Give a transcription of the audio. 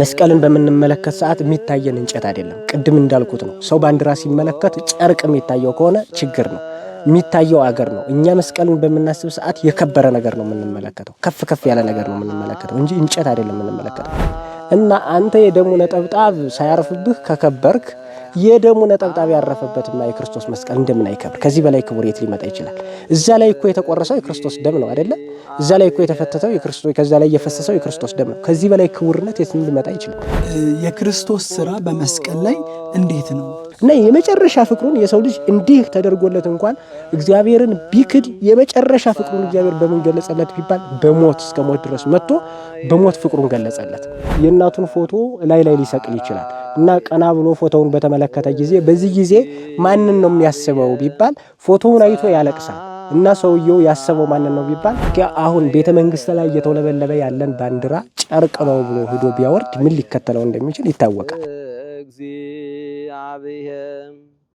መስቀልን በምንመለከት ሰዓት የሚታየን እንጨት አይደለም። ቅድም እንዳልኩት ነው። ሰው ባንዲራ ሲመለከት ጨርቅ የሚታየው ከሆነ ችግር ነው። የሚታየው አገር ነው። እኛ መስቀልን በምናስብ ሰዓት የከበረ ነገር ነው የምንመለከተው፣ ከፍ ከፍ ያለ ነገር ነው የምንመለከተው እንጂ እንጨት አይደለም የምንመለከተው። እና አንተ የደሙ ነጠብጣብ ሳያርፍብህ ከከበርክ የደሙ ነጠብጣብ ያረፈበትና የክርስቶስ መስቀል እንደምን አይከብር? ከዚህ በላይ ክቡር የት ሊመጣ ይችላል? እዛ ላይ እኮ የተቆረሰው የክርስቶስ ደም ነው አይደለ? እዛ ላይ እኮ የተፈተተው የክርስቶስ ከዛ ላይ የፈሰሰው የክርስቶስ ደም ነው። ከዚህ በላይ ክቡርነት የት ሊመጣ ይችላል? የክርስቶስ ስራ በመስቀል ላይ እንዴት ነው እና የመጨረሻ ፍቅሩን የሰው ልጅ እንዲህ ተደርጎለት እንኳን እግዚአብሔርን ቢክድ የመጨረሻ ፍቅሩን እግዚአብሔር በምን ገለጸለት ቢባል በሞት እስከ ሞት ድረስ መጥቶ በሞት ፍቅሩን ገለጸለት። የእናቱን ፎቶ ላይ ላይ ሊሰቅል ይችላል እና ቀና ብሎ ፎቶውን በተመለከተ ጊዜ በዚህ ጊዜ ማንን ነው የሚያስበው ቢባል ፎቶውን አይቶ ያለቅሳል። እና ሰውየው ያሰበው ማንን ነው ቢባል አሁን ቤተ መንግስት ላይ እየተውለበለበ ያለን ባንዲራ ጨርቅ ነው ብሎ ሂዶ ቢያወርድ ምን ሊከተለው እንደሚችል ይታወቃል።